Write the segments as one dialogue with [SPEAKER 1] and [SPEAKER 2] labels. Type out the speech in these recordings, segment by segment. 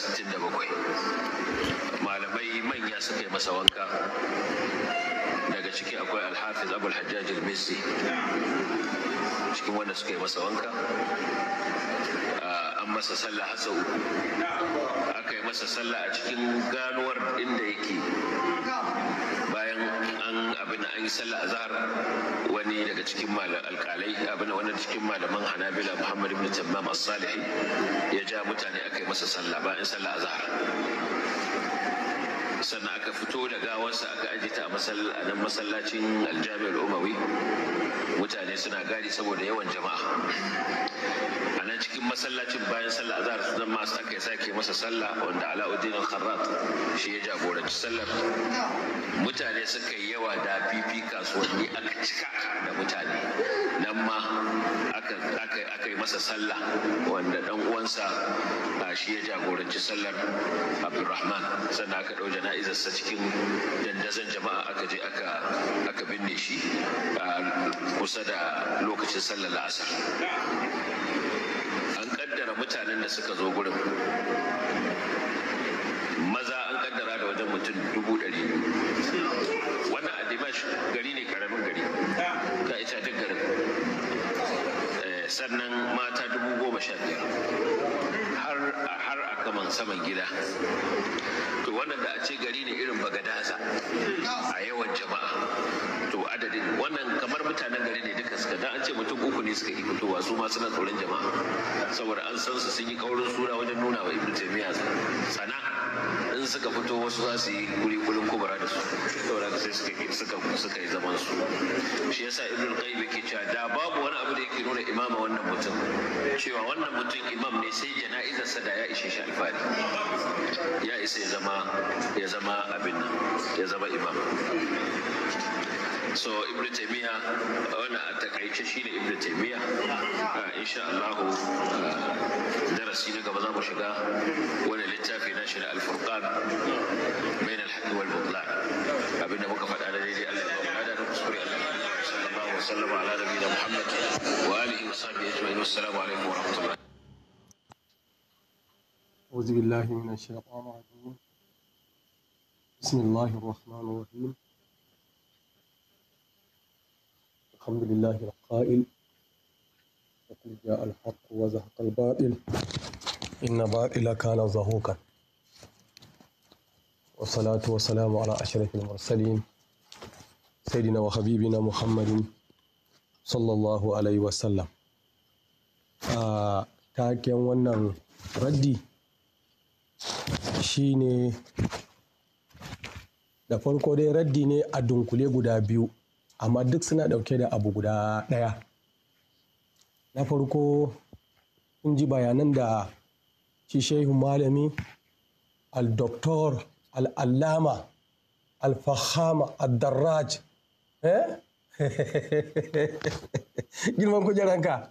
[SPEAKER 1] 1967 malamai manya suka yi masa wanka daga ciki akwai alhafiz abul hajjaj al-misi cikin wanda suka yi masa wanka ah, an masa sallah hasau aka yi masa sallah a cikin ganuwar inda yake an abin an yi sallah azhar wani daga cikin alkalai abin wani cikin malaman hanabila muhammad ibn tammam as-salihi ya ja mutane aka yi masa sallah bayan sallah azhar sannan aka fito da gawarsa aka ajita a nan masallacin aljami'ar umawi mutane suna gadi saboda yawan jama'a a nan cikin masallacin bayan sallah azhar su zama su aka sake masa sallah wanda ala'uddin al-kharrat shi ya jagoranci sallar mutane suka yi yawa da fifi kasuwanni aka cika da mutane nan ma aka yi masa sallah wanda dan uwansa shi ya jagoranci sallar abdulrahman sannan aka ɗau jana'i jana'izarsa cikin dandazon jama'a aka je aka binne shi a kusa da lokacin sallar la'asar an kaddara mutanen da suka zo gurin maza an kaddara da wajen mutum dubu ɗari wannan a dimash gari ne karamin gari ka ita duk garin eh, sannan mata dubu goma sha biyar har a kaman saman gida wannan da a ce gari ne irin bagadasa a yawan jama'a to adadin wannan kamar mutanen gari ne duka suka dan an ce mutum uku ne suka yi fitowa su ma suna tsoron jama'a saboda an san su sun yi kaurin sura wajen nuna wa ibnu taymiya sana in suka fito wasu za su yi guri gurin kubura da su saboda sai suka suka suka yi zaman su shi yasa ibnu qayyim yake cewa da babu wani abu da yake nuna imama wannan mutum cewa wannan mutum imam ne sai sa da ya ishe shi alfahari ya isa ya zama ya zama abin nan ya zama imam so ibn taymiya wani a takaice shine ibn taymiya ah, insha Allah ah, darasi na gaba za mu shiga wani littafi na shi na al-furqan bain al-haqq wal butlan abinda muka faɗa da daidai Allah ya da kuskure Allah wa sallam ala nabiyina Muhammad wa alihi wa sahbihi ajma'in assalamu alaikum wa rahmatullahi
[SPEAKER 2] أعوذ بالله من الشيطان الرجيم بسم الله الرحمن الرحيم الحمد لله القائل وقل جاء الحق وزهق الباطل إن باطل كان زهوقا والصلاة والسلام على أشرف المرسلين سيدنا وحبيبنا محمد صلى الله عليه وسلم taken wannan raddi shine da farko dai raddi ne a dunkule guda biyu amma duk suna ɗauke da abu guda ɗaya na farko kun ji bayanan da shi shehu malami al-doktor al-allama al-fahama al-darraj eh? girman kujeranka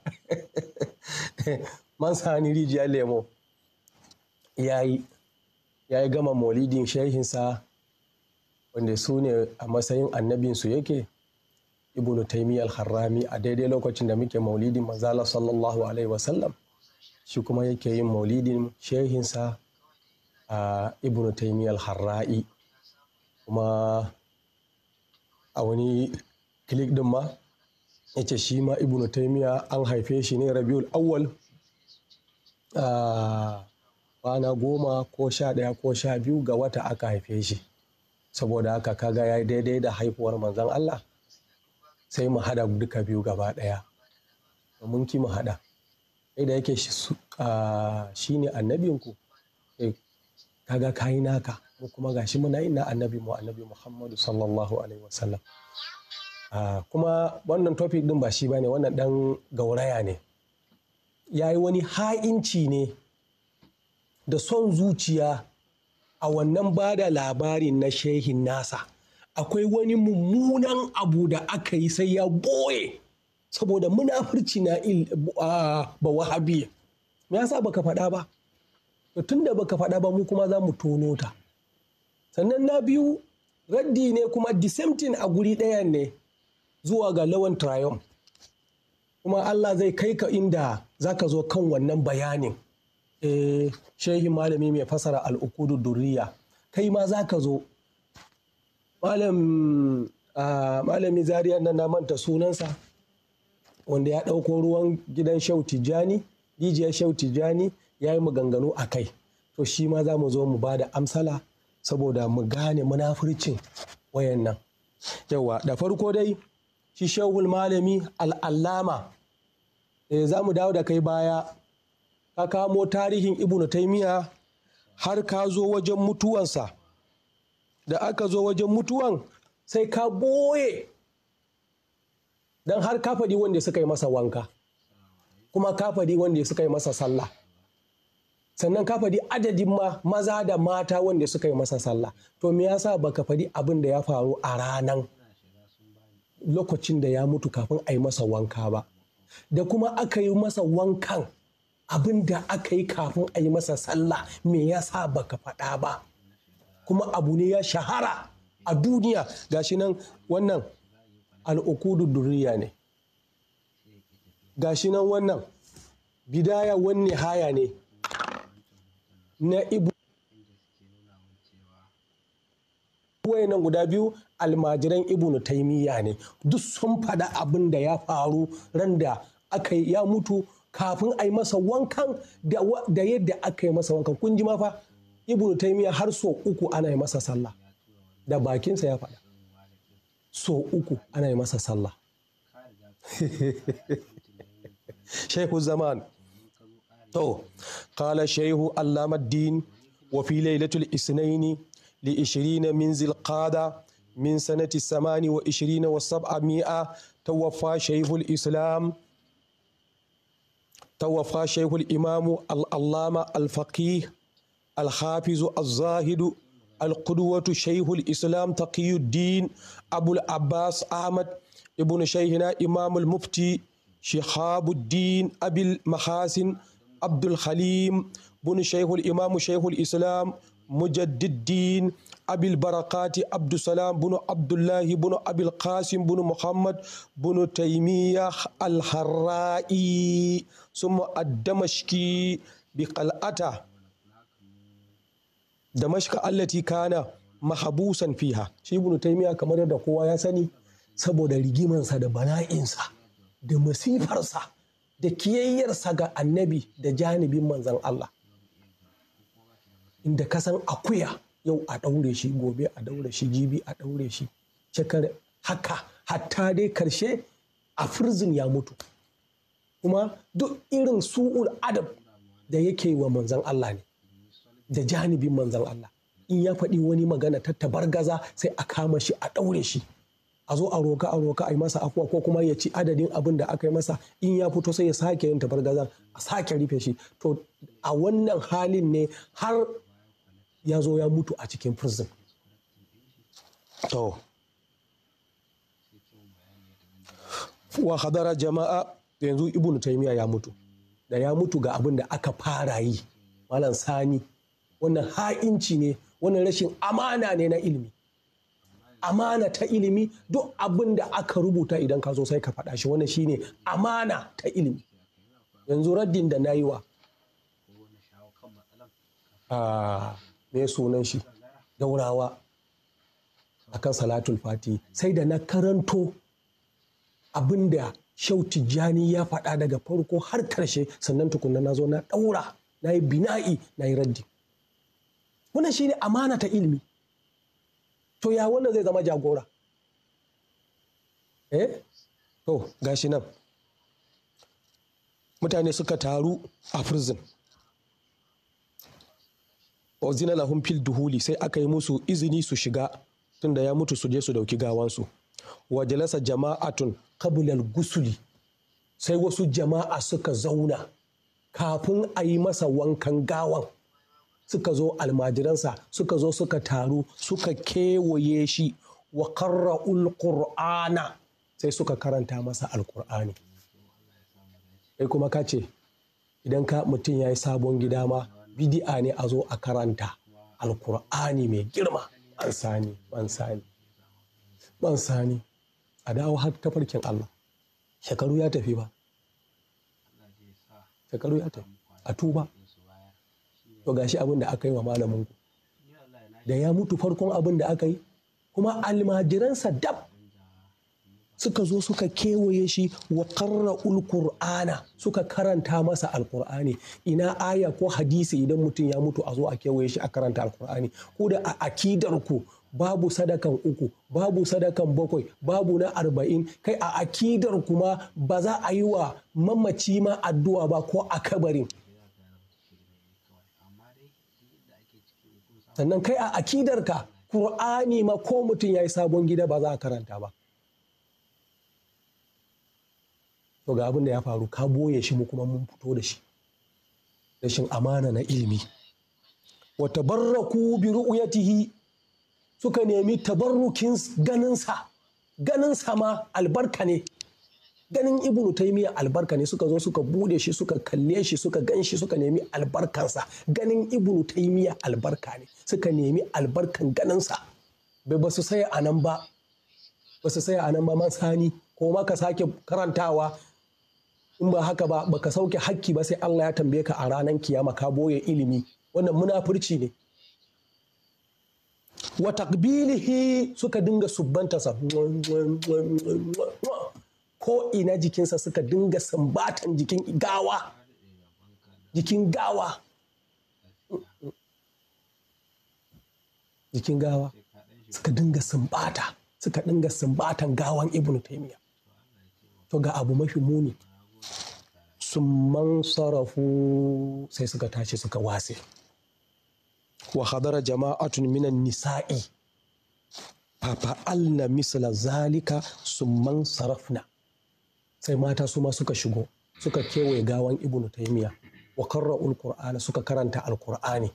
[SPEAKER 2] man sani rijiyar lemo ya yi gama maulidin shehinsa wanda su ne a matsayin annabinsu yake ibnu taimi al-harrami a daidai lokacin da muke maulidin manzala sallallahu alaihi wasallam shi kuma yake yin maulidin shehinsa a ibnu taimi al-harra'i kuma a wani klik din ma ya ce shi ma ibnu taimiya an haife shi ne rabiul awwal bana goma ko sha ɗaya ko sha biyu ga wata aka haife shi saboda haka kaga ya daidai da haifuwar manzan Allah sai mu hada duka biyu gaba daya mun ki mu hada sai da yake shi ne annabinku e, kaga kai naka mu kuma gashi muna ina annabi mu annabi muhammadu sallallahu alaihi wasallam kuma wannan topic din ba shi ba ne wannan dan gauraya ne yayi wani ha'inci ne da son zuciya a wannan ba da labarin na shehin nasa akwai wani mummunan abu da aka yi sai ya boye saboda munafurci na ba wahabiya me yasa baka faɗa ba tun tunda baka faɗa ba mu kuma za mu tono ta sannan na biyu raddi ne kuma dissenting a guri ɗaya ne zuwa ga lawan trium kuma Allah zai kai ka inda zaka zo kan wannan bayanin eh shehi malami mai fasara al'ukudu durriya kai ma zaka zo malamin malami zariya nan na manta sunansa wanda ya ɗauko ruwan gidan shau tijjani rijiyar shau tijjani ya yi maganganu a kai to shi ma za mu zo mu ba da amsala saboda mu gane munafurcin wayan nan yawa da farko dai shi shehul malami al'allama eh, za mu dawo da kai baya ka kamo tarihin ibnu taimiya har ka zo wajen mutuwansa da aka zo wajen mutuwan sai ka boye don har ka faɗi wanda suka yi masa wanka kuma ka faɗi wanda suka yi masa sallah sannan ka faɗi adadin ma maza da mata wanda suka yi masa sallah to me yasa baka faɗi abin da ya faru a ranan lokacin da ya mutu kafin a yi masa wanka ba da kuma aka yi masa wankan abin da aka yi kafin a yi masa sallah me yasa baka faɗa ba kuma abu ne ya shahara a duniya gashi nan wannan al'ukudu duniya ne gashi nan wannan bidaya wanne haya ne na ibu nan guda biyu almajiran ibnu taimiyya ne duk sun faɗa abin da ya faru ran da aka ya mutu kafin a yi masa wankan da yadda aka yi masa wankan kun ji mafa ibnu taimiyya har so uku ana yi masa sallah da bakinsa ya faɗa so uku ana yi masa sallah shaihu zaman to kala shaihu allamaddin wa fi lailatul isnaini li ishirina min zilqada min sanati samani wa ishirina wa sab'a mi'a tawaffa shaihul islam توفى شيخ الإمام العلامة الفقيه alhafizu az-zahidu alqudwatu shaykhul islam taqiyuddin abul abbas ahmad Ibn shaykhina imamul mufti shihabuddin abil mahasin abdul halim بن شيخ الإمام شيخ الإسلام مجدد الدين أبي البركات عبد السلام بن عبد الله بن أبي القاسم بن محمد بن تيمية الحرائي ثم الدمشقي بقلعته da mashika allati kana mahabusan fiha shi ibnu taymiya kamar da kowa ya sani saboda rigimansa da bala'insa da masifarsa da kiyayyarsa ga annabi da janibin manzan Allah inda kasan akuya yau a daure shi gobe a daure shi jibi a daure shi cakar haka hatta dai karshe a firzin ya mutu kuma duk irin su'ul adab da yake wa manzan Allah ne da janibin manzan Allah in ya faɗi wani magana ta gaza sai a kama shi a ɗaure shi a zo a roka a roka a yi masa afuwa ko kuma ya ci adadin abin da aka yi masa in ya fito sai ya sake yin tabargazan a sake rufe shi to a wannan halin ne har ya zo ya mutu a cikin prison to wa hadara jama'a yanzu ibnu taymiya ya mutu da ya mutu ga abin da aka fara yi malam sani wannan ha'inci ne wannan rashin amana ne na ilimi amana ta ilimi duk abin da aka rubuta idan ka zo sai ka faɗa shi wannan shine amana ta ilimi yanzu raddin da na yi wa ah, me sunan shi daurawa akan salatul fati sai da na karanto abin da shau tijjani ya faɗa daga farko har karshe sannan tukunna na zo na ɗaura na yi bina'i na yi raddi wannan shine amana ta ilimi to ya wanda zai zama jagora eh to gashi nan mutane suka taru a prison ozina lahum fil duhuli sai aka yi musu izini su shiga tunda ya mutu su je su dauki gawansu wa jalasa jama'atun qablal gusuli sai wasu jama'a suka zauna kafin a yi masa wankan gawan suka zo almajiransa suka zo suka taru suka kewaye shi wa karra qur'ana sai suka karanta masa alkur'ani sai kuma ka ce idan ka mutum ya yi sabon gida ma bidi'a ne a zo a karanta alkur'ani mai girma an sani ban sani ban sani a dawo har tafarkin Allah shekaru ya tafi ba shekaru ya tafi a tuba to gashi abin da aka yi wa malamin ku da ya mutu farkon abin da aka yi kuma almajiransa dab suka zo suka kewaye shi wa qarra'ul qur'ana suka karanta masa alqur'ani ina aya ko hadisi idan mutum ya mutu a zo a kewaye shi a karanta alqur'ani Ko da a akidar ku babu sadakan uku babu sadakan bakwai babu na arba'in kai a akidar kuma ba za a yi wa mamaci ma addu'a ba ko a kabarin sannan kai a akidarka Kur'ani ma ko mutum ya yi sabon gida ba za a karanta ba to ga abin da ya faru ka boye shi mu kuma mun fito da shi rashin amana na ilimi wata barraku bi ru'yatihi suka nemi tabarrukin ganinsa ganinsa ma albarka ne ganin ibnu taimiyya albarka ne suka zo suka bude shi suka kalle shi suka gan shi suka nemi albarkansa ganin ibnu taimiyya albarka ne suka nemi albarkan ganinsa bai ba su saya anan nan ba ba su saya a ba man sani ko ma ka sake karantawa in ba haka ba baka sauke hakki ba sai Allah ya tambaye ka a ranar kiyama ka boye ilimi wannan munafurci ne wa takbilihi suka dinga subbanta sa ko ina jikinsa suka dinga sambatan jikin gawa jikin gawa jikin gawa suka dinga sumbata suka dinga sambatan gawan ibn taimiya to ga abu mafi muni summan sarrafu sai suka tashi suka wase wa hadara jama'atun minan nisa'i Papa Allah misla zalika summan sai mata su ma suka shigo suka kewaye gawan ibnu taymiya wa karra qur'ana suka karanta alqur'ani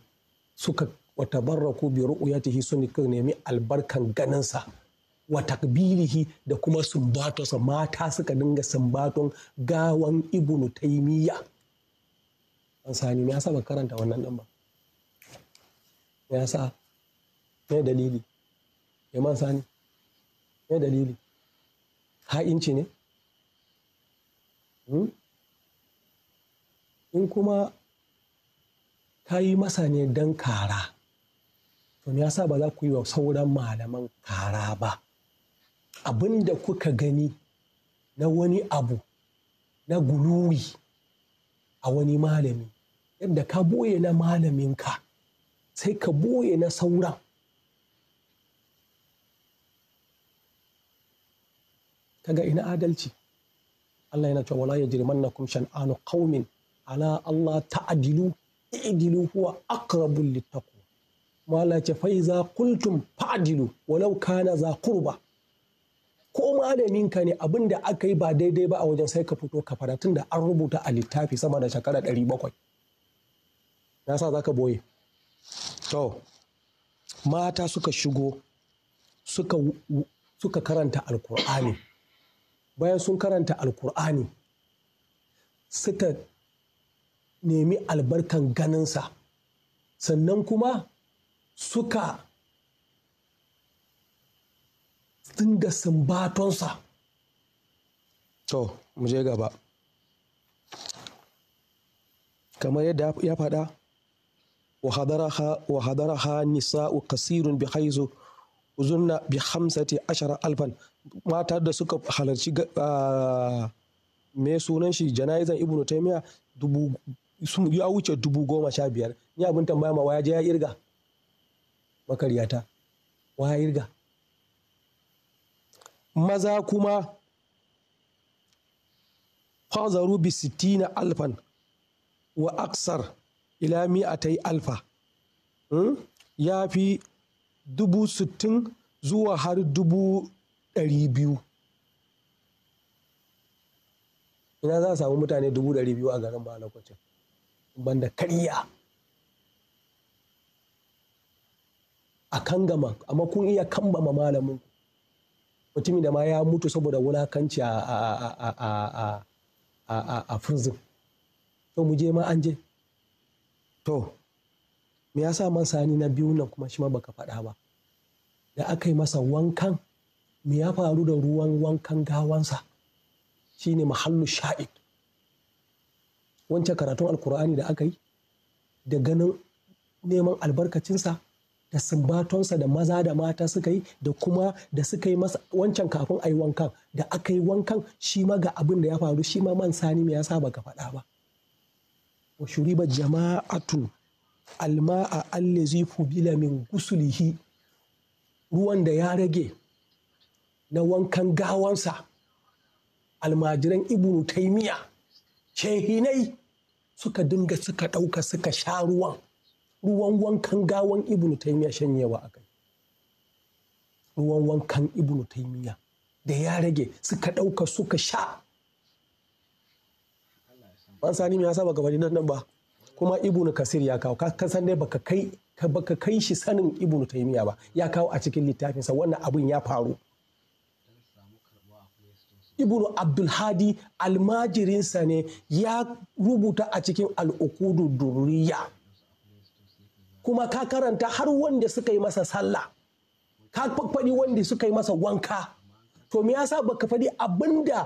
[SPEAKER 2] suka wa tabarraku bi ru'yatihi sun nemi albarkan ganinsa wa takbirihi da kuma sumbatosa mata suka dinga sumbaton gawan ibnu taymiya an sani me yasa ba karanta wannan din ba me yasa me dalili me eh, man sani me dalili ha'inci ne Hmm? In kuma ka yi masa ne don kara, to ya sa ba za ku yi wa sauran malaman kara ba. Abin da kuka gani na wani abu na guluwi a wani malami, yadda ka boye na malaminka, sai ka boye na sauran. Kaga ina adalci. Allah yana cewa wala yajrimannakum shan'anu qaumin ala Allah ta'dilu i'dilu huwa aqrabu littaqwa wala ce fa iza qultum fa'dilu walau kana za qurba ko ka ne abin da aka yi ba daidai ba a wajen sai ka fito ka fara tunda an rubuta a littafi sama da shekara 700 na sa zaka boye to mata suka shigo suka suka karanta alkur'ani bayan sun karanta alkur'ani suka nemi albarkan ganinsa sannan kuma suka dinga sumbatonsa to mu je gaba kamar yadda ya faɗa wa hadaraha nisa'u kasirun bi haizu uzunna bi hamsati ashara alfan mata da suka halarci me sunan shi janayizan ibnu taimiya ya wuce dubu goma sha biyar ni abin tambaya ma waya je ya irga makaryata waya irga maza kuma fazaru bi sittina alfan wa aksar ila mi'atai alfa hmm? ya fi dubu sittin zuwa har dubu ɗari biyu ina za a samu mutane dubu ɗari biyu a garin ba a lokacin banda karya a kan gama amma kun iya kambama malamin mutumin da ma ya mutu saboda wulakanci a prison to mu je ma an je to me ya sa man sani na biyu nan kuma shi ma baka faɗa ba da aka yi masa wankan me ya faru da ruwan wankan gawansa shine mahallu sha'id wancan karatun alkur'ani da aka yi da ganin neman albarkacinsa da sumbatonsa da maza da mata suka yi da kuma da suka yi masa wancan kafin a yi wankan da aka yi wankan shi ma ga abin da ya faru shi ma man sani me ya sa baka faɗa ba wa ba jama'atun alma'a allazi fubila min gusulihi ruwan da ya rage na wankan gawansa almajiran ibnu taimiya shehinai suka dinga suka ɗauka suka sha ruwan ruwan wankan gawan ibnu taimiya shanyewa a kai ruwan wankan ibnu taimiya da ya rage suka ɗauka suka sha ban sani me ya saba gabanin nan ba kuma ibnu kasir ya kawo ka san dai baka kai baka kai shi sanin ibnu taymiya ba ya kawo a cikin littafinsa wannan abin ya faru ibnu abdulhadi almajirinsa ne ya rubuta a cikin al'ukudu duriya kuma ka karanta har wanda suka yi masa sallah ka faɗi wanda suka yi masa wanka to me yasa baka faɗi abinda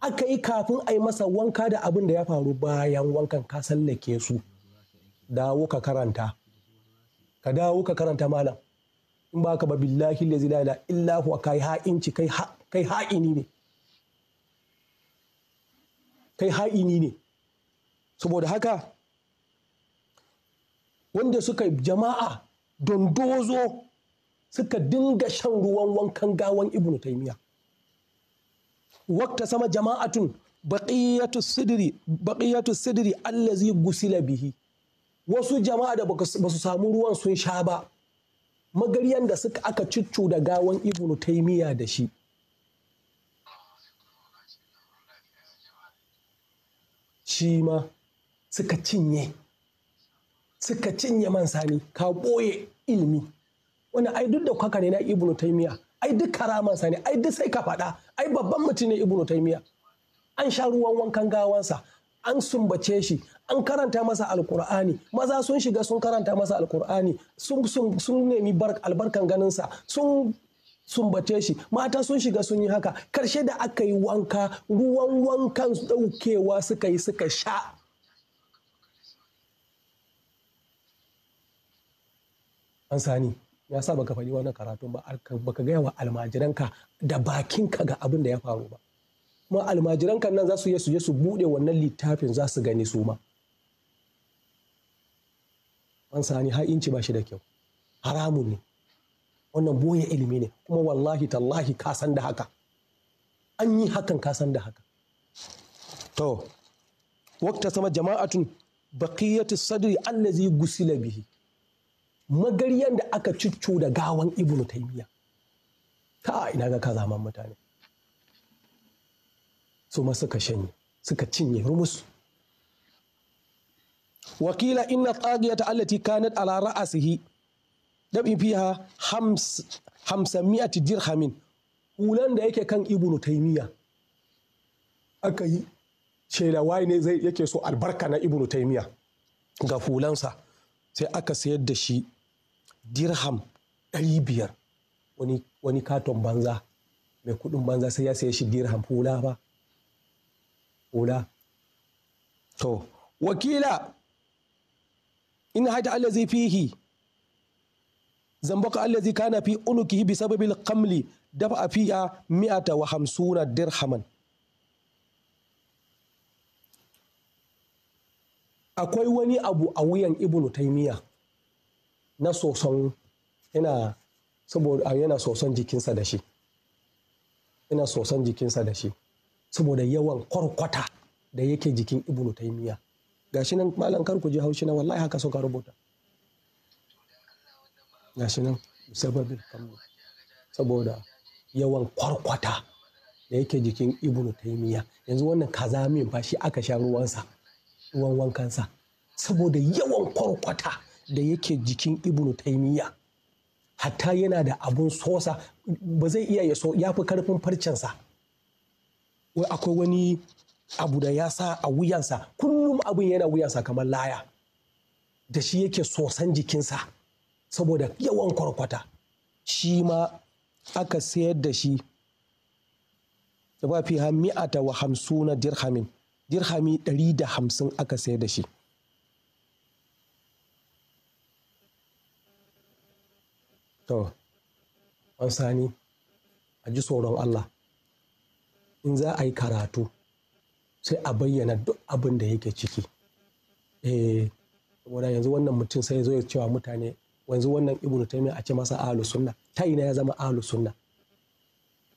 [SPEAKER 2] aka yi kafin a yi masa wanka da abin da ya faru bayan wankan ka sallake su dawo ka karanta ka dawo ka karanta malam in ba ka ba billahi la ilaha illa huwa kai ha'inci kai ha'ini ne kai ha'ini ne saboda haka wanda suka jama'a dondozo suka dinga shan ruwan wankan gawan ibnu taymiya wakta sama jama'atun baqiyatu sidri baqiyatu sidri allazi gusila bihi wasu jama'a da basu samu ruwan sun sha ba magaryan da suka aka ciccu da gawan ibnu taimiya da shi shi suka cinye suka cinye man sani ka ɓoye ilimi wani ai duk da kwaka ne na ibnu ai duk karamansa ne ai duk sai ka faɗa ai babban mutum ne ibnu taimiya an sha ruwan wankan gawansa an sumbace shi an karanta masa alkur'ani maza sun shiga sun karanta masa alkur'ani sun nemi albarkan ganinsa sun sumbace shi mata sun shiga sun yi haka karshe da aka yi wanka ruwan wankan daukewa suka yi suka sha an sani ya sa baka fadi wannan karatun ba baka gaya wa almajiranka da bakinka ga abin da ya faru ba kuma almajiranka nan za su yi su je su buɗe wannan littafin za su gani su ma an sani har inci ba shi da kyau haramun ne wannan boye ilimi ne kuma wallahi tallahi ka san da haka an yi hakan ka san da haka to wakta sama jama'atun baqiyatu sadri allazi gusila bihi magaryan da aka cicco da gawan ibnu taimiya ta ina ga ka zaman mutane su ma suka shanye suka cinye rumus wakila inna tsagiyata allati kanat ala ra'asihi dabin fiha hamsamiyati dirhamin hulan da yake kan ibnu taimiya aka yi shaida wai ne zai yake so albarka na ibnu taimiya ga hulansa sai aka sayar da shi dirham ɗari biyar wani katon banza mai kudin banza sai ya saye shi dirham hula ba hula to wakila in haita allazi fihi zambaka allazi kana fi unuki bi sababil qamli dafa fiya mi'ata wa hamsuna dirhaman akwai wani abu a wuyan ibnu miya. na soson ina saboda yana soson jikinsa da shi ina soson jikinsa da shi saboda yawan kwarkwata da yake jikin ibnu taimiya gashi nan malam kar ku ji haushi na wallahi haka suka rubuta gashi nan sababin kamu saboda yawan kwarkwata da yake jikin ibnu taimiya yanzu wannan kaza min fa shi aka sha ruwansa ruwan wankansa saboda yawan kwarkwata da yake jikin ibnu taimiyya hatta yana da abun sosa ba zai iya ya so ya fi karfin farcensa akwai wani abu da ya sa a wuyansa kullum abin yana wuyansa kamar laya da shi yake sosan jikinsa saboda yawan kwarkwata shi ma aka sayar da shi da ba fi ta wa hamsuna dirhamin dirhami ɗari da hamsin aka sayar da shi To, an sani, a ji tsoron Allah, in za a yi karatu sai a bayyana duk abin da yake ciki. Eh, saboda yanzu wannan mutum sai zo ya cewa mutane yanzu wannan ibnu taymiya a ce masa ahlus sunna ta ina ya zama ahlus sunna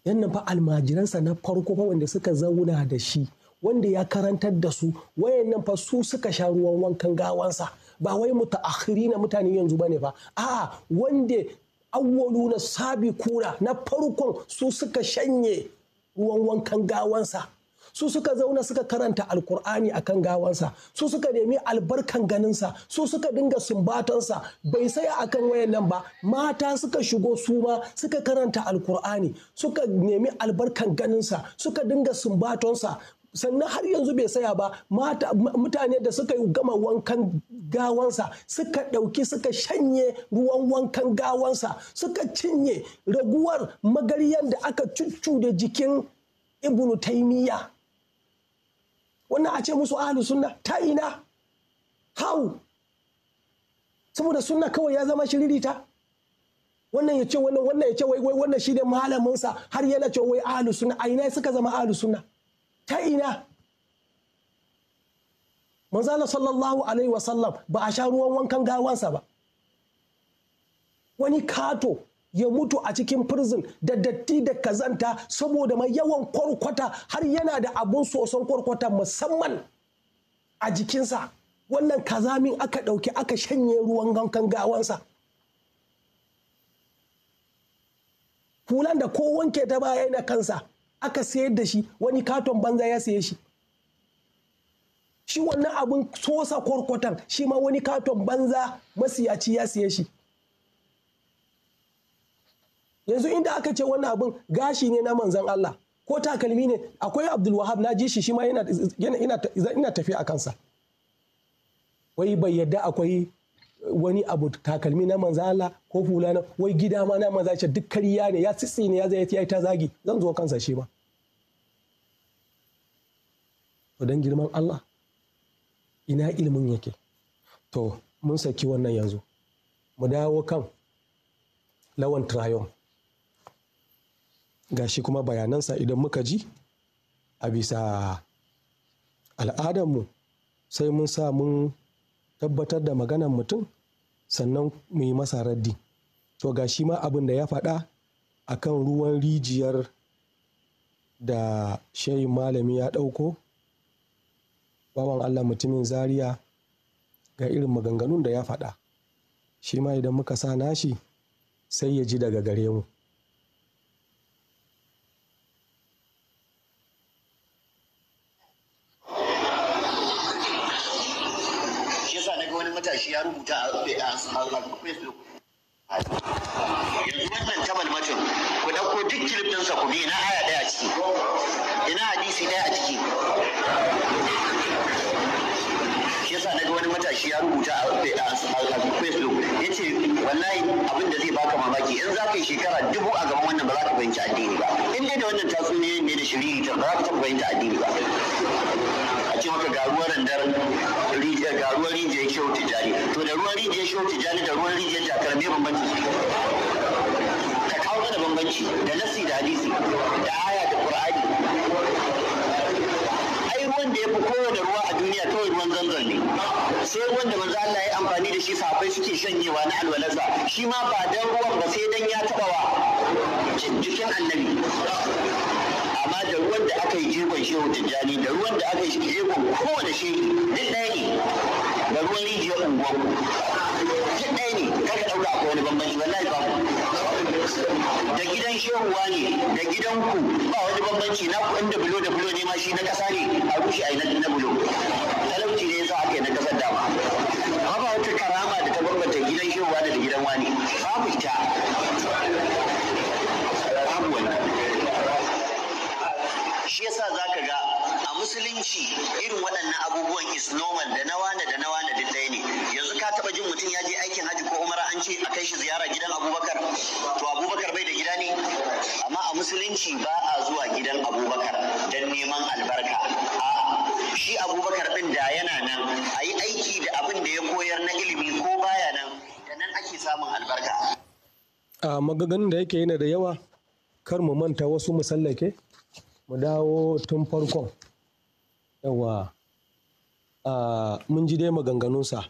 [SPEAKER 2] yannan fa almajiransa na farko fa wanda suka zauna da shi wanda ya karantar da su wayannan fa su suka sha ruwan wankan gawansa ba wai mutaakhiri na mutane yanzu bane fa a'a wanda awwalu na sabi kura na farkon su suka shanye ruwan wankan gawansa su suka zauna suka karanta alkur'ani kan gawansa su suka nemi albarkan ganinsa su suka dinga sumbatansa bai saya akan wayan nan ba mata suka shigo su ma suka karanta alkur'ani suka nemi albarkan ganinsa suka dinga sumbatonsa sannan har yanzu bai saya ba mutane da suka yi gama wankan gawansa suka ɗauki suka shanye ruwan wankan gawansa suka cinye raguwar magaryan da aka cuccu da jikin ibnu taimiyya wannan a ce musu ahlu sunna ta ina hau saboda sunna kawai ya zama shiririta wannan ya ce wannan wannan ya ce wai wai wannan shine malamin sa har yana ce wai ahlus sunna a ina suka zama ahlus sunna ta ina manzala sallallahu alaihi wasallam ba a sha ruwan wankan gawansa ba wani kato ya mutu a cikin prison da datti da kazanta saboda mai yawan kwarkwata har yana da abun soson kwarkwata musamman a jikinsa wannan kazamin aka ɗauki aka shanye ruwan gankan gawansa hulan da ko wanke ta baya kansa aka sayar da shi wani katon banza ya saye shi shi wannan abin sosa kwarkwatan shi ma wani katon banza masiyaci ya saye shi yanzu inda aka ce wannan abin gashi ne na manzan Allah ko takalmi ne akwai abdulwahab na ji shi shi ma yana tafiya a kansa wai bai yadda akwai wani abu takalmi na manzala ko hula na wai gida ma na Manza ce duk kariya ne ya tsitsi ne ya zai yi ta zagi zan zo kansa shi ma to dan girman Allah ina ilimin yake to mun saki wannan yanzu mu dawo kan lawan trayon gashi kuma bayanansa idan muka ji a bisa al'adarmu sai mun sa mun tabbatar da maganan mutum sannan mu yi masa raddi to ga shi ma abin da ya faɗa a kan ruwan rijiyar da shayin malami ya ɗauko bawan allah mutumin zariya ga irin maganganun da ya faɗa shi ma idan muka sa nashi sai ya ji daga gare mu
[SPEAKER 3] in za ka yi shekara dubu a gaban wannan ba za ka fahimci addini ba in dai da wannan tatsuniyoyin ne da shiriri ta ba za ka taɓa addini ba a ce maka ga ruwan randar ga garuwar rijiyar shehu tijjani to da ruwan rijiyar shehu tijjani da ruwan rijiyar jakar me bambanci ka kawo mana bambanci da nasi da hadisi da aya da qur'ani ruwan da ya fi kowane ruwa a duniya kawai ruwan zanzan ne sai ruwan da manzo Allah ya amfani da shi safai suke shanyewa na alwalarsa shi ma ba dan ruwan ba sai dan ya taba wa jikin annabi amma da ruwan da aka yi jikon shehu tijjani da ruwan da aka yi jikon kowane shi, duk ɗaya ne da ruwan rijiyar unguwar duk ɗaya ne kaka ɗauka akwai wani bambanci wallahi ba da gidan shehuwa ne da gidan ku ba wani bambanci na ku inda bulo da bulo ne ma shi na kasa ne a rushe a yi na bulo talauci ne yasa aka yi na kasar dama amma ba wata karama da ta bambanta gidan shehuwa da gidan wani babu ita babu wannan shi yasa zaka ga a musulunci shi irin waɗannan abubuwan is normal da na wane da na wane duk ne yanzu ka taɓa jin mutum ya je aikin hajji ko umara an ce a kai shi ziyara gidan abubakar to abubakar bai da gida ne amma a musulunci ba a zuwa gidan abubakar don neman albarka a shi abubakar ɗin da yana nan a yi aiki da abin da ya koyar na ilimi ko baya nan da nan ake samun albarka
[SPEAKER 2] a magaganin da yake yana da yawa kar mu manta wasu musallake mu dawo tun farkon yawa ah, mun ji dai maganganunsa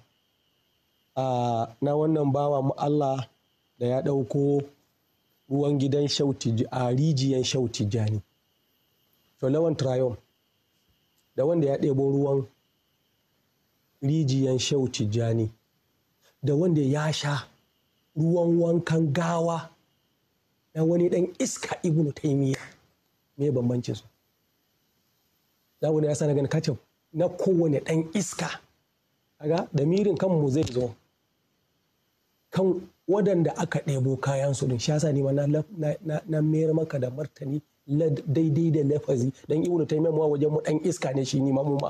[SPEAKER 2] ah, na wannan bawa mu Allah da ya ɗauko ruwan gidan a rijiyan shauti jani lawan trayon da wanda ya ɗebo ruwan rijiyan shauti jani da wanda ya sha ruwan wankan gawa na wani ɗan iska ibnu taimiyya me bambancin su za mu ya sanar gani na kowane ɗan iska kaga da mirin kanmu zai zo kan wadanda aka ɗebo kayan su din shi yasa ni ma na mayar maka da martani daidai da lafazi dan ibnu taymiya ma wajen mu ɗan iska ne shi ni ma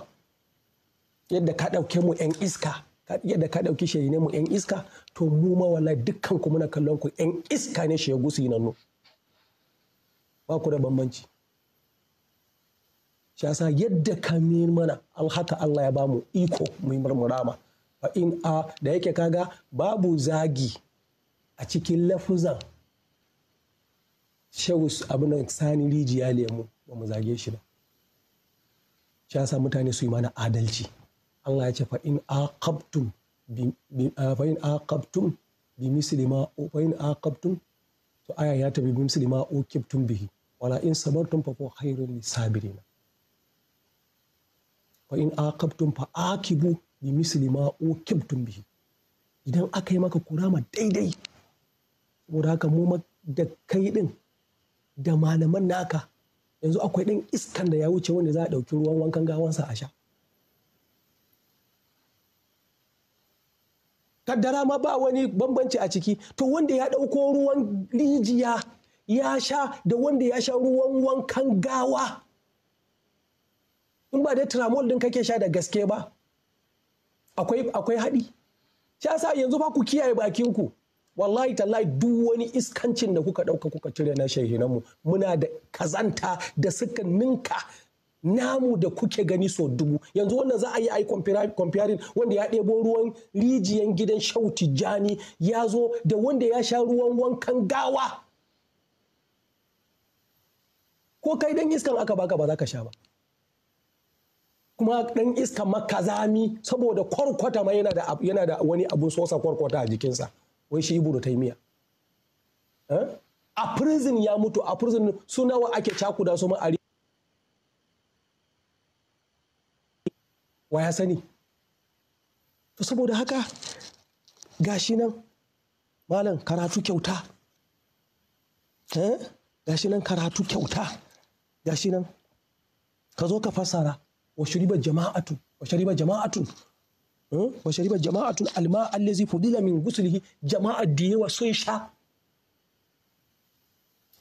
[SPEAKER 2] yadda ka ɗauke mu ɗan iska yadda ka ɗauki shi ne mu ɗan iska to mu ma wallahi dukkan ku muna kallon ku ɗan iska ne shi ya gusi nan ba ku da bambanci shi yasa yadda ka mana an haka Allah ya bamu iko mu murmurama fa in a da yake kaga babu zagi a cikin lafuzan shehu abin sani rijiya lemu ba mu zage shi ba shi yasa mutane su yi mana adalci Allah ya ce fa in aqabtum fa in qabtum bi muslima fa in qabtum to aya ya tabi bi muslima ma ukibtum bihi wala in sabartum fa huwa khairun lisabirina fa in aqabtum fa bi misali ma uqibtum bihi idan aka yi maka kura ma daidai saboda haka mu da kai din da malaman naka yanzu akwai din iskan da ya wuce wanda za a ɗauki ruwan wankan gawansa a sha kaddara ma ba wani bambanci a ciki to wanda ya ɗauko ruwan rijiya ya sha da wanda ya sha ruwan wankan gawa in ba dai tramol din kake sha da gaske ba akwai haɗi shi yasa yanzu ba ku kiyaye bakin ku wallahi tallahi duk wani iskancin da kuka ɗauka kuka cire na mu muna da kazanta da suka ninka namu da kuke gani so dubu yanzu wannan za a yi ai comparing wanda ya ɗebo ruwan rijiyan gidan shauti jani ya zo da wanda ya sha ruwan wankan gawa ko kai dan iskan aka baka ba za ka sha ba kuma dan iska makazami saboda kwarkwata ma yana da yana da wani abu sosa kwarkwata a jikinsa wai shi ibnu taymiya eh? a prison ya mutu a prison su nawa ake cakuda su ma a wa ya sani to saboda haka gashi nan malam karatu kyauta eh? gashi nan karatu kyauta gashi nan ka zo ka fassara wa shuriba jama'atu wa shariba jama'atun eh, wa jama'a sun sha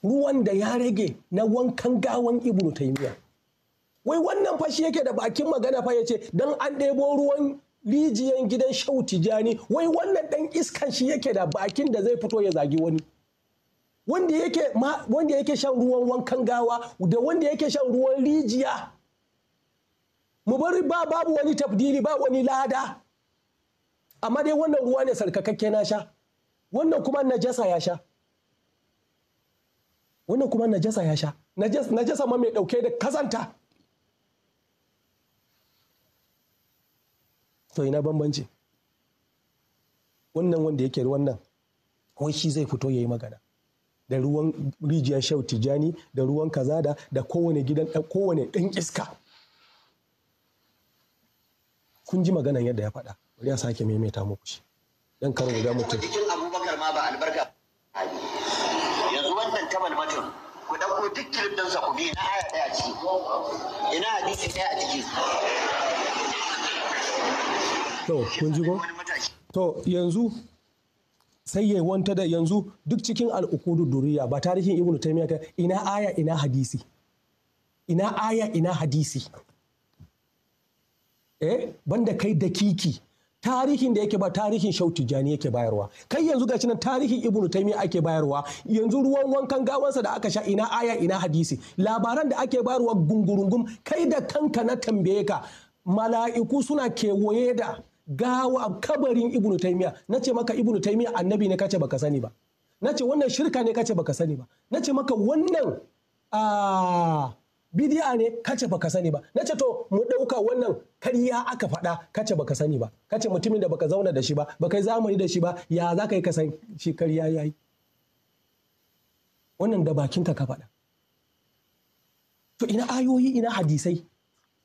[SPEAKER 2] ruwan da ya rage na wankan gawan ibnu taymiya wai wannan fashi yake da bakin magana fa yace dan an ɗebo ruwan rijiyan gidan shauti tijani wai wannan dan iskan shi yake da bakin da zai fito ya zagi wani wanda yake shan ruwan wankan gawa da wanda yake shan ruwan rijiya mu bari ba babu wani tafdili ba wani lada amma dai wannan ruwa ne sarkakakke na sha wannan kuma najasa ya sha wannan kuma najasa ya sha najasa ma mai dauke da kazanta to ina bambanci wannan wanda yake ruwan nan wai shi zai fito ya yi magana da ruwan rijiyar shau tijani da ruwan kazada da kowane gidan kowane ɗan iska kun ji maganan yadda ya faɗa bari a sake maimaita muku shi dan karo guda mutum cikin
[SPEAKER 3] abubakar ma ba albarka yanzu wannan kamal mutum ku dauko duk kilibin sa ku bi na aya daya ciki ina hadisi daya a ciki
[SPEAKER 2] to kun ji ko to yanzu sai ya wanta da yanzu duk cikin al'ukudu duriya ba tarihin ibnu taymiya ina aya ina hadisi ina aya ina hadisi eh banda kai dakiki tarihin da yake ba tarihin shau tijjani yake bayarwa kai yanzu gashi nan tarihin ibnu taymiya ake bayarwa yanzu ruwan wankan gawansa da aka sha ina aya ina hadisi labaran da ake bayarwa gungurungum kai da kanka na tambaye ka mala'iku suna kewaye da gawa kabarin ibnu taymiya nace maka ibnu taymiya annabi ne kace baka sani ba nace wannan shirka ne kace baka sani ba nace maka wannan a ah, bidiya ne kace baka sani ba nace to mu dauka wannan karya aka faɗa kace baka sani ba kace mutumin da baka zauna da shi ba baka yi zamani da shi ba ya za ka yi kasan shi karya ya yi wannan da bakinka ka faɗa to ina ayoyi ina hadisai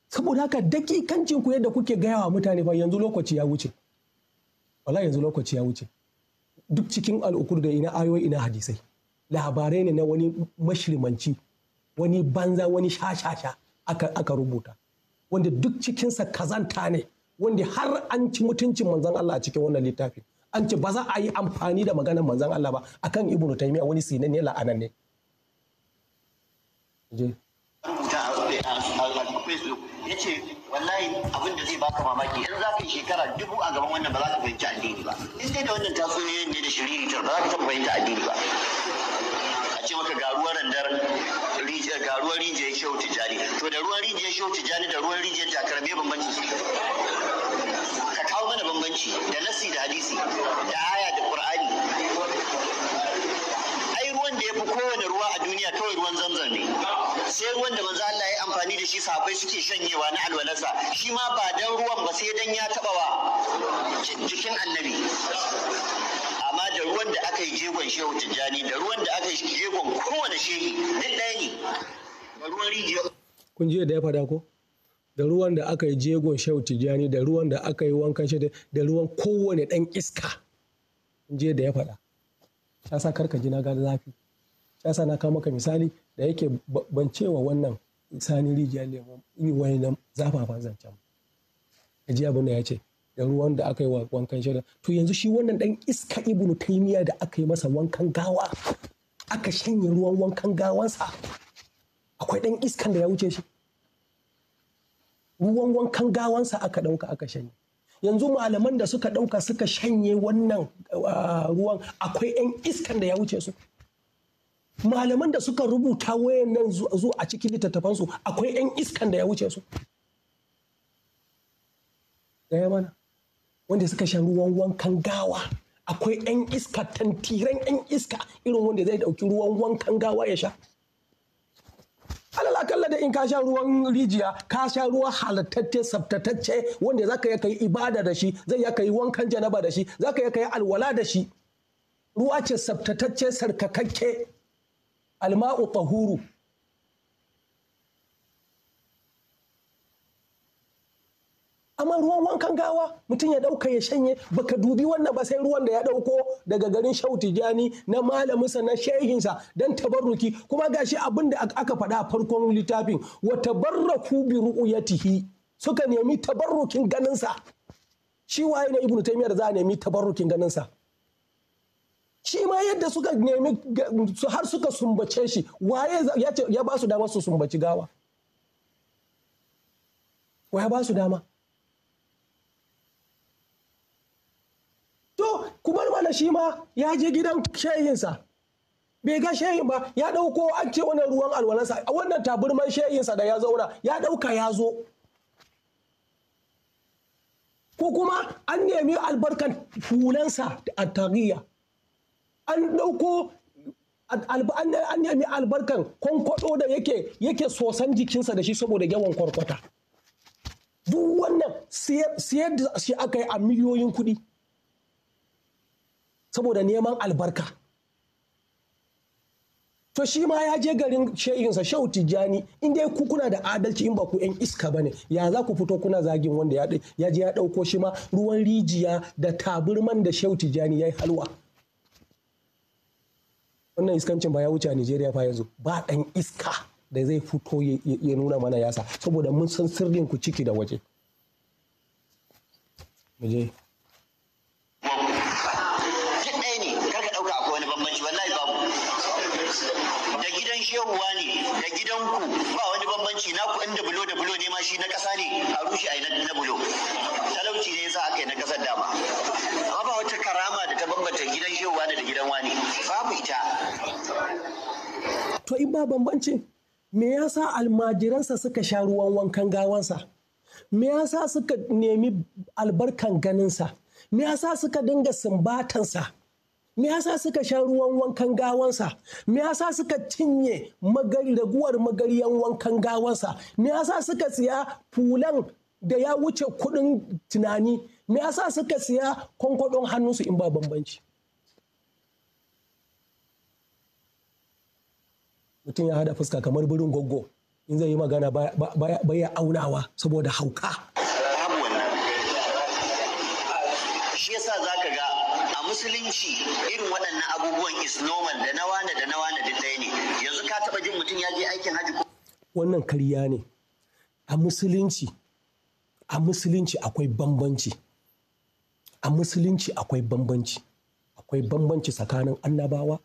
[SPEAKER 2] saboda haka dakikancin ku yadda kuke gaya wa mutane ba yanzu lokaci ya wuce wallahi yanzu lokaci ya wuce duk cikin al'ukur da ina ayoyi ina hadisai labarai ne na wani mashirmanci wani banza wani sha-sha-sha aka rubuta wanda duk cikinsa kazanta ne wanda har an ci mutuncin manzan Allah a cikin wannan littafin an ce ba za a yi amfani da maganar manzan Allah ba akan ibnu taymiya wani sinan ne la'anan ne
[SPEAKER 3] je yace wallahi abin da zai baka mamaki yanzu za ka yi shekara dubu a gaban wannan ba za ka fahimci addini ba in dai da wannan tatsuniyoyin ne da shiriri ba za ka fahimci addini ba maka ga ruwan randar ga ruwan rijiyar shehu tijjani to da ruwan rijiyar shehu tijjani da ruwan rijiyar jakar me bambanci su ka kawo mana bambanci da nasi da hadisi da aya da qur'ani ai ruwan da ya fi kowane ruwa a duniya kawai ruwan zamzam ne sai ruwan da manzo Allah ya yi amfani da shi sahabbai suke shanyewa na alwalasa shi ma ba dan ruwan ba sai dan ya taba wa jikin annabi ruwan da aka yi jegon shehu tijjani da ruwan da aka yi jegon kowane shehi duk ɗaya ne da ruwan rijiya
[SPEAKER 2] kun ji da ya fada ko da ruwan da aka yi jegon shehu tijjani da ruwan da aka yi wankan shehu da ruwan kowane ɗan iska kun ji da ya fada ya sa karka ji na gane zafi ya sa na kawo maka misali da yake ban cewa wannan sani rijiya lemon yi wani zafafan zancen ajiya abin da ya ce da ruwan da aka yi wankan shaida to yanzu shi wannan dan iska ibnu taymiya da aka yi masa wankan gawa aka shanye ruwan wankan gawansa akwai dan iskan da ya wuce shi ruwan wankan gawansa aka dauka aka shanye yanzu malaman da suka dauka suka shanye wannan ruwan akwai yan iskan da ya wuce su malaman da suka rubuta wayan nan zu a cikin littattafansu akwai yan iskan da ya wuce su gaya mana wanda suka sha ruwan wankan gawa akwai 'yan iska tantiran 'yan iska irin wanda zai dauki ruwan wankan gawa ya sha alalakalla da in ka sha ruwan rijiya ka sha ruwan halittacce sabtatacce wanda za ka yi ibada da shi zai ya yi wankan janaba da shi za ka yi alwala da shi ruwa ce sabtatacce sarkakakke alma'u tahuru amma ruwan wankan gawa mutum ya ɗauka ya shanye baka dubi wannan ba sai ruwan da ya ɗauko daga garin shauti jani na malaminsa na shehinsa don tabarruki kuma gashi abin da aka faɗa farkon littafin wa tabarraku bi tihi suka nemi tabarrukin ganinsa shi waye na ibnu taimiyar za a nemi tabarrukin ganinsa shi ma yadda suka nemi har suka sumbace shi waye ya ba su dama su sumbaci gawa waye ya ba su dama shi ma ya je gidan shehinsa bai ga shehin ba ya ɗauko an ce wannan ruwan alwalansa a wannan taburman shehinsa da ya zauna ya ɗauka ya zo ko kuma an nemi albarkan fulansa a tariya an ɗauko an nemi albarkan kwankwado da yake yake sosan jikinsa da shi saboda yawan kwarkwata duk wannan siyar da shi aka yi a miliyoyin kuɗi saboda neman albarka to shi ma ya je garin shehinsa shau tijjani in dai ku kuna da adalci in ba ku yan iska bane ya za ku fito kuna zagin wanda ya je ya ɗauko shi ma ruwan rijiya da taburman da shau tijjani ya yi halwa wannan iskancin ba ya wuce a Nigeria fa yanzu ba ɗan iska da zai fito ya nuna mana yasa saboda mun san sirrin ku ciki da waje.
[SPEAKER 3] na ku inda bulo da bulo ne ma shi na ƙasa ne a rushe a na bulo talauci ne yasa aka yi na kasar dama amma ba wata karama da ta bambanta gidan shehu wani da gidan wani babu ita
[SPEAKER 2] to in ba bambancin me yasa almajiransa suka sha ruwan wankan gawansa me yasa suka nemi albarkan ganinsa me yasa suka dinga sumbatansa me yasa suka sha ruwan wankan gawansa me yasa suka cinye magari raguwar magariyan wankan gawansa me yasa suka siya fulan da ya wuce kudin tunani me yasa suka siya kwankwadon hannunsu in ba bambanci mutum ya hada fuska kamar birin goggo in zai yi magana baya aunawa saboda hauka
[SPEAKER 3] abubuwan is normal da na wane da na wane da ɗaya ne yanzu ka taɓa jin mutum ya je aikin hajji ko
[SPEAKER 2] wannan karya ne a musulunci a musulunci akwai bambanci a musulunci akwai bambanci akwai bambanci tsakanin annabawa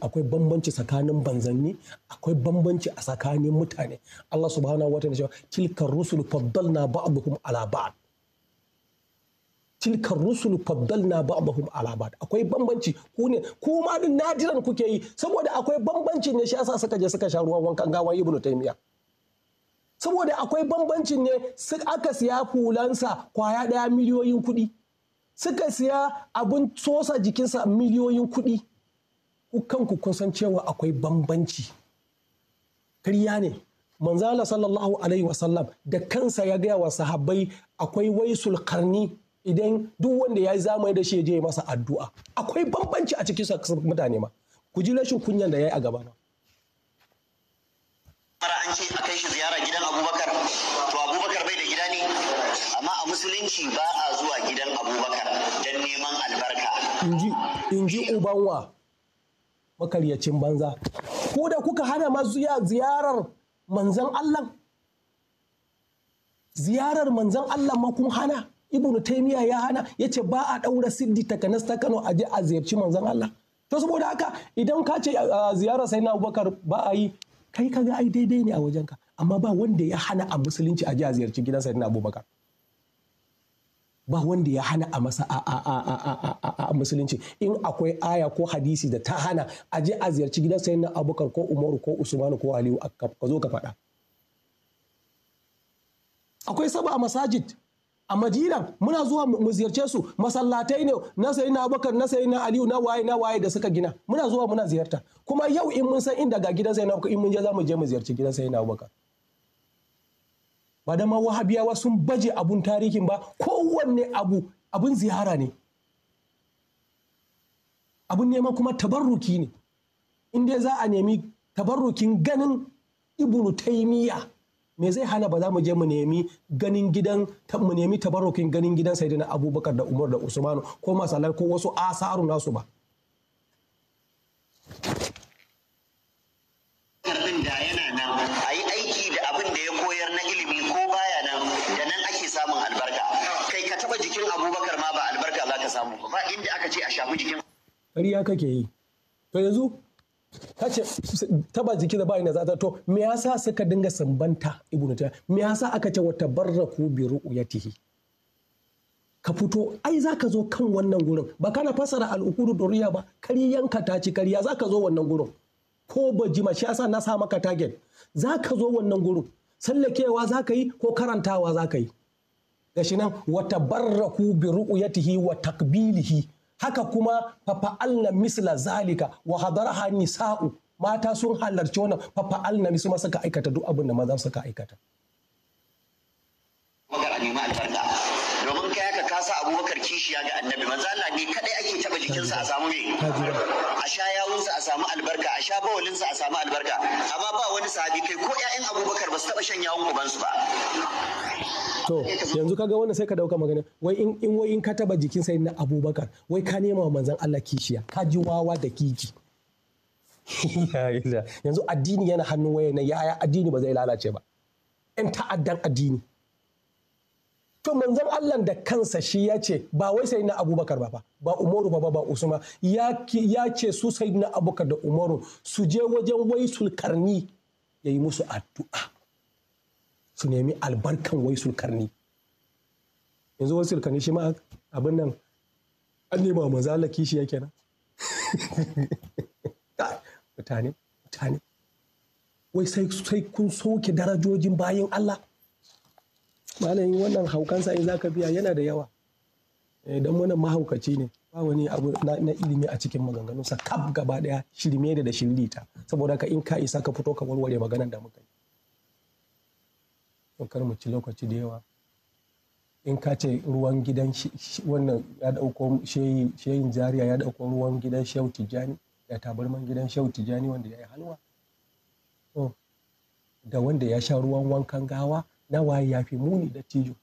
[SPEAKER 2] akwai bambanci tsakanin banzanni akwai bambanci a tsakanin mutane Allah subhanahu wa ta'ala cewa tilkar rusul faddalna ba'dhum ala ba'd tilkar rusulu faddalna ba'dahum ala ba'd akwai bambanci ku ne ku ma din nadiran kuke yi saboda akwai bambancin ne shi yasa suka je suka sha ruwan wankan gawa ibnu taymiya saboda akwai bambancin ne su aka siya fulansa kwaya daya miliyoyin kuɗi suka siya abin tsosa jikinsa miliyoyin kuɗi kanku kun san cewa akwai bambanci karya ne manzala sallallahu alaihi wasallam da kansa ya gaya wa sahabbai akwai waisul karni idan duk wanda ya yi zamani da shi ya je masa addu'a akwai bambanci a cikin mutane ma ku ji rashin kunyan da ya yi a gaba mara
[SPEAKER 3] an ce a kai shi ziyara gidan abubakar to abubakar bai da gida ne amma a musulunci ba a zuwa gidan abubakar don neman
[SPEAKER 2] albarka in ji ubanwa makaryacin banza ko da kuka hana ma ziyarar manzan allah ziyarar manzan allah ma kun hana ibnu taimiya ya hana ya ce ba a ɗaura siddi takanas ta Kano a je a ziyarci manzon Allah to saboda haka idan ka ce ziyarar sai na Abubakar ba a yi kai ka ga ai daidai ne a wajenka amma ba wanda ya hana a musulunci a je a ziyarci gidan sai na Abubakar ba wanda ya hana a masa a musulunci in akwai aya ko hadisi da ta hana a je a ziyarci gidan sai na Abubakar ko Umaru ko Usmanu ko Aliyu ka zo ka faɗa akwai saba a masajid a madina muna zuwa mu ziyarce su masallatai ne na sayi na abubakar na sayi na aliyu na waye na waye da suka gina muna zuwa muna ziyarta kuma yau in mun san inda ga gidan sayi na in mun je za mu je mu ziyarci gidan sayi na abubakar ba da ma wahabiyawa sun baje abun tarihin ba kowanne abu abun ziyara ne abun neman kuma tabarruki ne in dai za a nemi tabarrukin ganin ibnu taimiyya me zai hana ba za mu je mu nemi ganin gidan mu nemi tabarrukin ganin gidan sayyidina abubakar da umar da usmanu ko masalar ko wasu asaru nasu ba
[SPEAKER 3] Abubakar ma ba albarka za ka samu ba inda aka ce a shafi jikin.
[SPEAKER 2] Ƙarya kake yi. To yanzu ta ce taba jiki da ba da zata to me yasa suka dinga sumbanta ibn ta me yasa aka ce wata barraku bi ru'yatihi ka fito ai zaka zo kan wannan gurin ba kana fasara al'ukuru duriya ba yanka ta ci kariya zaka zo wannan gurin ko jima shi yasa na sa maka target zaka zo wannan gurin sallakewa zaka yi ko karantawa zaka yi gashi nan wata barraku bi ru'yatihi wa takbilihi haka kuma fafa'alna misla zalika wa hadaraha nisa'u mata sun halarci wannan fafa'alna misla suka aikata duk abin da maza suka aikata.
[SPEAKER 3] Magana ne albarka ka sa abubakar kishiya ga annabi manzo Allah ne kadai ake taba jikinsa a samu me a sha yawunsa a samu albarka a sha bawalinsa a samu albarka amma ba wani sahabi kai ko ƴaƴan abubakar ba su taba shan yawun su ba
[SPEAKER 2] to yanzu kaga wannan sai ka dauka magana wai in wai in ka taba jikin sai na abubakar wai ka nema wa manzon Allah kishiya ka ji wawa da kiki yanzu addini yana hannu waya na yaya addini ba zai lalace ba 'yan ta'addan addini to manzon Allah da kansa shi ya ce ba wai sai na Abubakar ba ba Umaru ba ba Usman ya ce su sai na Abubakar da Umaru su je wajen waisul karni ya yi musu addu'a su nemi albarkan waisul karni yanzu waisul karni shi ma abin nan an nema manzo Allah kishi yake na mutane mutane wai sai kun soke darajojin bayan Allah malamin wannan haukansa in zaka biya yana da yawa Idan eh, wannan mahaukaci ne ba wani abu na ilimi a cikin maganganunsa kaf gaba daya shirme da da lita, saboda ka in ka isa ka fito ka warware maganar da muka yi kar mu ci lokaci da yawa in ka ce ruwan gidan wannan ya dauko sheyin jariya ya dauko ruwan gidan shehu tijjani da tabarman gidan shehu tijjani wanda ya yi halwa da wanda ya sha ruwan wankan gawa na waye ya fi muni da tijo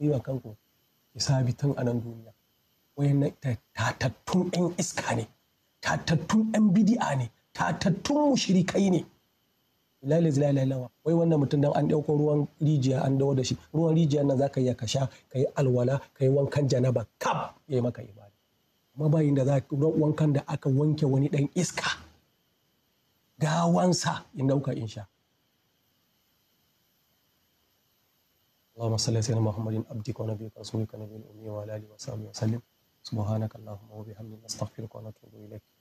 [SPEAKER 2] yi wa kanku tun a nan duniya na tatattun yan iska ne tatattun ɗan bidi'a ne tatattun mushirikai ne lalai zilalai lawa wai wannan mutum dan an ɗauko ruwan rijiya an dawo da shi ruwan rijiya nan za iya ka sha ka yi alwala ka yi wankan janaba kaf ya yi maka ibada amma bayin da za ka wankan da aka wanke wani ɗan iska gawansa in ɗauka in sha اللهم صل على سيدنا محمد عبدك ونبيك ورسولك نبي الأمي وعلى آله وصحبه وسلم سبحانك اللهم وبحمدك نستغفرك ونتوب إليك